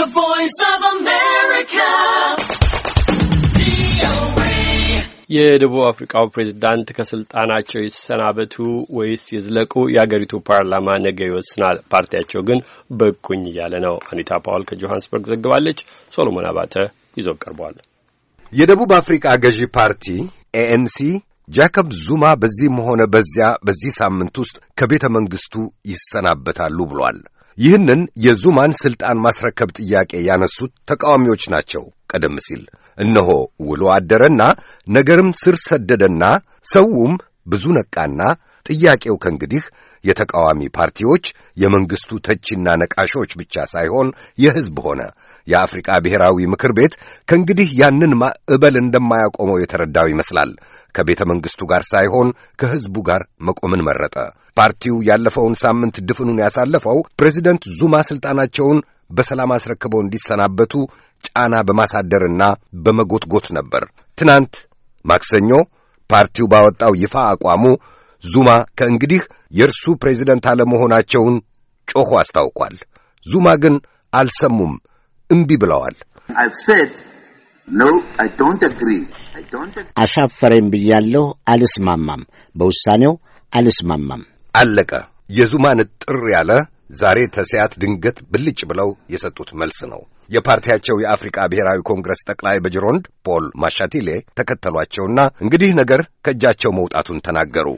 The Voice of America. የደቡብ አፍሪካው ፕሬዝዳንት ከስልጣናቸው ይሰናበቱ ወይስ ይዝለቁ የአገሪቱ ፓርላማ ነገ ይወስናል። ፓርቲያቸው ግን በቁኝ እያለ ነው። አኒታ ፓውል ከጆሃንስበርግ ዘግባለች። ሶሎሞን አባተ ይዞ ቀርቧል። የደቡብ አፍሪካ ገዢ ፓርቲ ኤኤንሲ ጃከብ ዙማ በዚህም ሆነ በዚያ በዚህ ሳምንት ውስጥ ከቤተ መንግሥቱ ይሰናበታሉ ብሏል። ይህንን የዙማን ሥልጣን ማስረከብ ጥያቄ ያነሱት ተቃዋሚዎች ናቸው። ቀደም ሲል እነሆ ውሎ አደረና ነገርም ስር ሰደደና ሰውም ብዙ ነቃና ጥያቄው ከእንግዲህ የተቃዋሚ ፓርቲዎች የመንግሥቱ ተቺና ነቃሾች ብቻ ሳይሆን የሕዝብ ሆነ። የአፍሪቃ ብሔራዊ ምክር ቤት ከእንግዲህ ያንን ማዕበል እንደማያቆመው የተረዳው ይመስላል። ከቤተ መንግሥቱ ጋር ሳይሆን ከሕዝቡ ጋር መቆምን መረጠ። ፓርቲው ያለፈውን ሳምንት ድፍኑን ያሳለፈው ፕሬዚደንት ዙማ ሥልጣናቸውን በሰላም አስረክበው እንዲሰናበቱ ጫና በማሳደርና በመጎትጎት ነበር። ትናንት ማክሰኞ ፓርቲው ባወጣው ይፋ አቋሙ ዙማ ከእንግዲህ የእርሱ ፕሬዚደንት አለመሆናቸውን ጮኹ አስታውቋል። ዙማ ግን አልሰሙም፣ እምቢ ብለዋል። አሻፈረኝ ብያለሁ። አልስማማም፣ በውሳኔው አልስማማም። አለቀ። የዙማን ጥር ያለ ዛሬ ተስያት ድንገት ብልጭ ብለው የሰጡት መልስ ነው። የፓርቲያቸው የአፍሪቃ ብሔራዊ ኮንግረስ ጠቅላይ በጅሮንድ ፖል ማሻቲሌ ተከተሏቸውና እንግዲህ ነገር ከእጃቸው መውጣቱን ተናገሩ።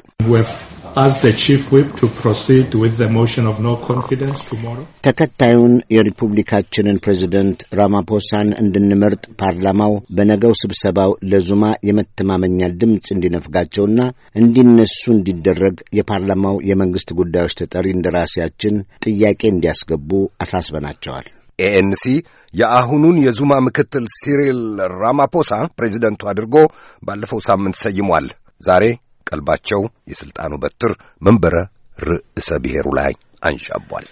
ተከታዩን የሪፑብሊካችንን ፕሬዚደንት ራማፖሳን እንድንመርጥ ፓርላማው በነገው ስብሰባው ለዙማ የመተማመኛ ድምፅ እንዲነፍጋቸውና እንዲነሱ እንዲደረግ የፓርላማው የመንግስት ጉዳዮች ተጠሪ እንደራሴያችን ጥያቄ እንዲያስገቡ አሳስበናቸዋል። ኤኤንሲ የአሁኑን የዙማ ምክትል ሲሪል ራማፖሳ ፕሬዚደንቱ አድርጎ ባለፈው ሳምንት ሰይሟል። ዛሬ ቀልባቸው የሥልጣኑ በትር መንበረ ርዕሰ ብሔሩ ላይ አንዣቧል።